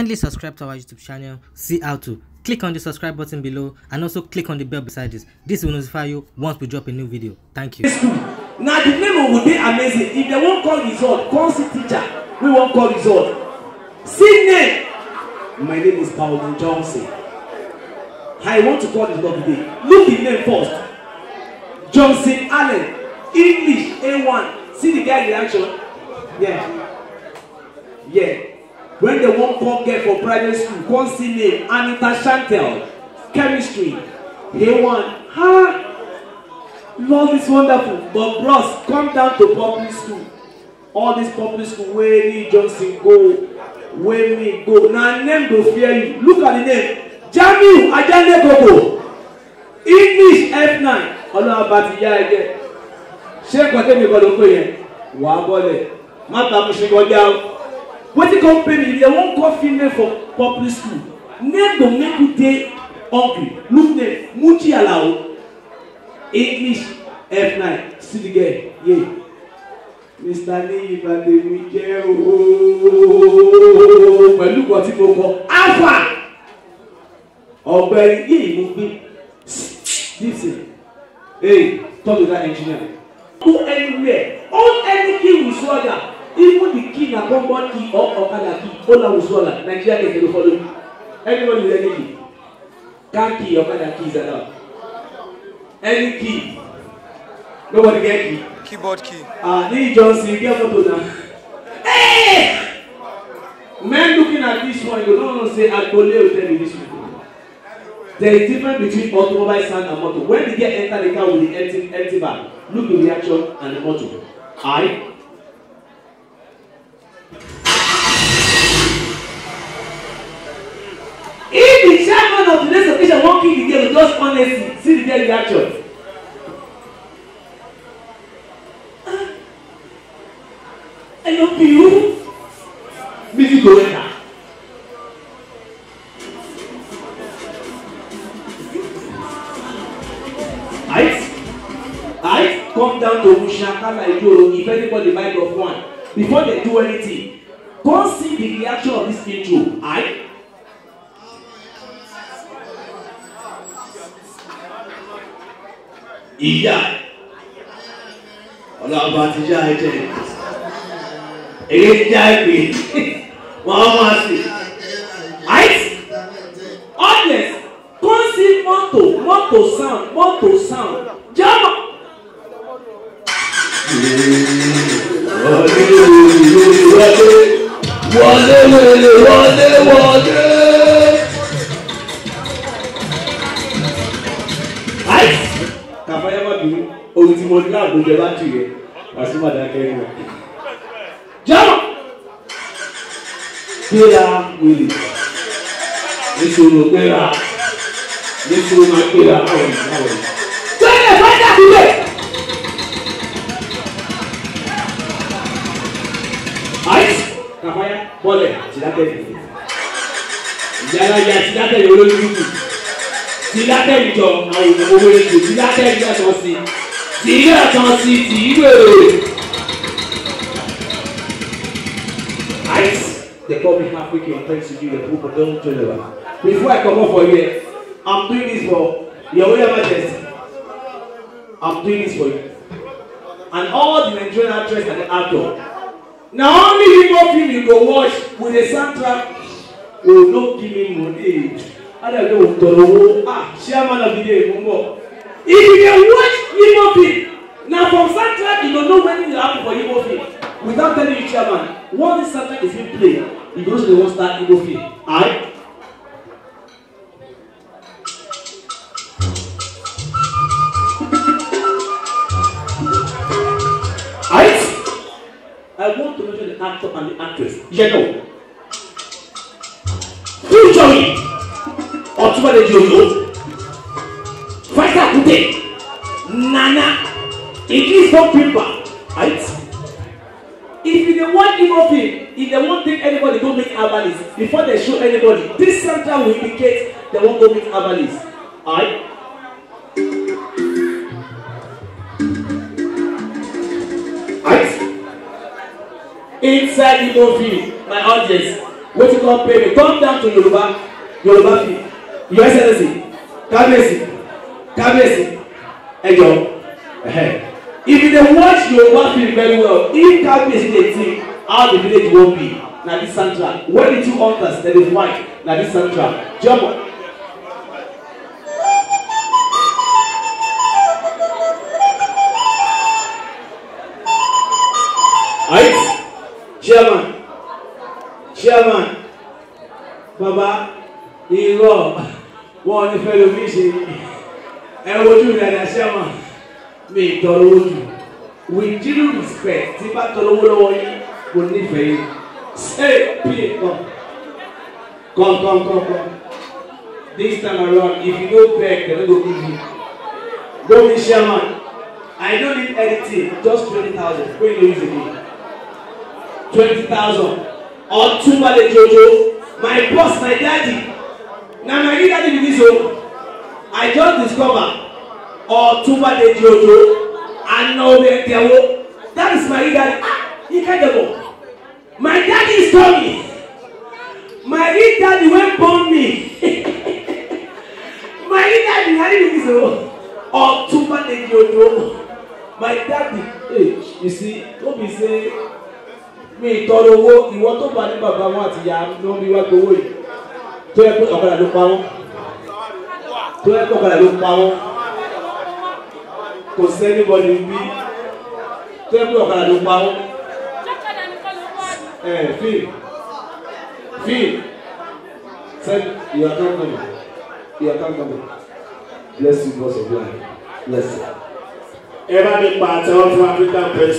Kindly subscribe to our YouTube channel, see how to. Click on the subscribe button below and also click on the bell beside this. This will notify you once we drop a new video. Thank you. Now the name will be amazing. If they won't call result, call see teacher. We won't call result. See name. My name is Paul Johnson. I want to call this dog today. Look the name first. Johnson Allen. English A1. See the guy reaction? Yeah. Yeah. when they won't come get for private school come see name anita chantel chemistry They want, ha love is wonderful but bros come down to public school all these public school where lee johnson go where me go Now name go fear you look at the name jamiu ajanekoko english f9 ọlọ́run bá ti yá ẹgbẹ́ ṣé kọ́tẹ́mi kọ́ ló ń pè yẹn wàá bọ́lẹ̀ má ta mo ṣe kọjá o wetin come pay me if dem wan call female for public school name go make you dey hungry look name muchi alao english f9 still the girl yeah mr niyi bademi jẹ ooo pẹlú kan tí mo kọ alpha ọgbẹni yìí mo gbé dipsy hey talk to that engineer go anywhere own anything with soldier even the key na gbọngbọn key or ọ̀kadà key ó na wùsùn Nigeria dey dey follow everybody with any key car key ọ̀kadà key is allowed any key nobody get key. keyboard key. ah ní johnson get photo na. Hey! men looking at this one you don't know say agbole o tell me this one. There is difference between automobile sound and motor. When the girl enter the car with the empty empty bag, look the reaction and the motor. Aye. honestly see the their reaction ah, I no be you busy go enter. Right? Come down to Mushakala Ijoro if anybody buy of one before they do anything. Come see the reaction of this intro. Aye. ìyá ọlọ́ọ̀bá ti yá ẹ̀jẹ̀ èyí ti yá ìpè wọn máa sì àìsí ọ̀dẹ̀ kó sí mọ́tò mọ́tò sound mọ́tò sound jábọ̀. wọlé wọlé wọlé wọlé. ẹ mọ̀ bínú ohun tí mo ní àgbọ̀jẹ bá tù yẹ wàásù màdákẹ́ ẹ̀ mọ̀. jọ́nà gbéra wèlé nítorí gbéra nítorí máa gbéra àwọn ìyàwó. gbẹ́rẹ̀ fọ́jà sílẹ̀. àìsí kàfáyà bọ́lẹ̀ tìlákẹ́ ìyára ìyá tìlákẹ́ ìyá olóyún kù ti látẹ̀jọ àwọn ìdìbò wẹ̀rẹ̀ tó ti látẹ̀jọ tán sí tì í rẹ̀ tán sí tì í wẹ̀rẹ̀. They call me half halfway and thanks to do the book of Don Tolliver. Before I come up for here, I'm doing this for your royal majesty. I'm doing this for you. And all the Nigerian actress and the actor. Now only Igbo film you go watch with a soundtrack will not give me money ada le wòtɔ le wo ah siama na bi de ye mo bɔ if you dey watch Igbo film na from soundtrack you go know wetin dey happen for Igbo film without telling you chairman once this soundtrack is being played you go know say they wan start Igbo film aye. Right? I want to mention the actor and the actress. You know. Who joined? Ọ̀túnba Dèjì Òyìnbó Faika Kute Nana Idris don pimpa right if you dey wan Igbo film if dem wan take anybody go make herbalist before dem show anybody this center will indicate dem wan go make herbalist Right? inside Igbo film my audience wetin come pay me come down to Yoruba Yoruba film yọ ẹsẹ̀ lẹ́sì kábíyèsí kábíyèsí ẹ̀yọ if you dey watch Yoruba film very well if kábíyèsí dey think how the village wan be na this soundtrack when the two hunters dey dey fight na this soundtrack jump on. Right? Chairman, Chairman, Baba, wọn ní fẹ́ lómi ṣe ẹ wojú dada sẹ́wọ̀n mi tọrọ ojú with due respect tí bá tọrọ owó lọ́wọ́ yín kò nífẹ̀ẹ́ yín ṣé pí kàn kàn kàn kàn kàn this time around if you no beg dem no go give you gómìn chairman. i no need anything just twenty thousand wey you no use again twenty thousand or two balẹ̀ jojo my boss my daddy na Nigeria dey be this o I just discover Ọ̀túnba Deji Ojo ana obìnrin tẹ̀wọ́ that is my daddy ah Ikejebo my daddy is coming my real daddy wey born me my real daddy na real niggas o Ọ̀túnba Deji Ojo my daddy hey you see no be say mi ìtọ́rọ owó ìwọ tó bá ní bàbá wọn àti ìyá ló ń bí wá gbowó yìí tó yẹ pé ọ̀kadà ló pa wọ́n tó yẹ pé ọ̀kadà ló pa wọ́n kò sẹ́ni bọ́ọ̀lù bí tó yẹ pé ọ̀kadà ló pa wọ́n. ẹ fi fi send you are come come you are come come bless you God of life bless you. ẹ bá mi pa àtẹwọ́ fún African Press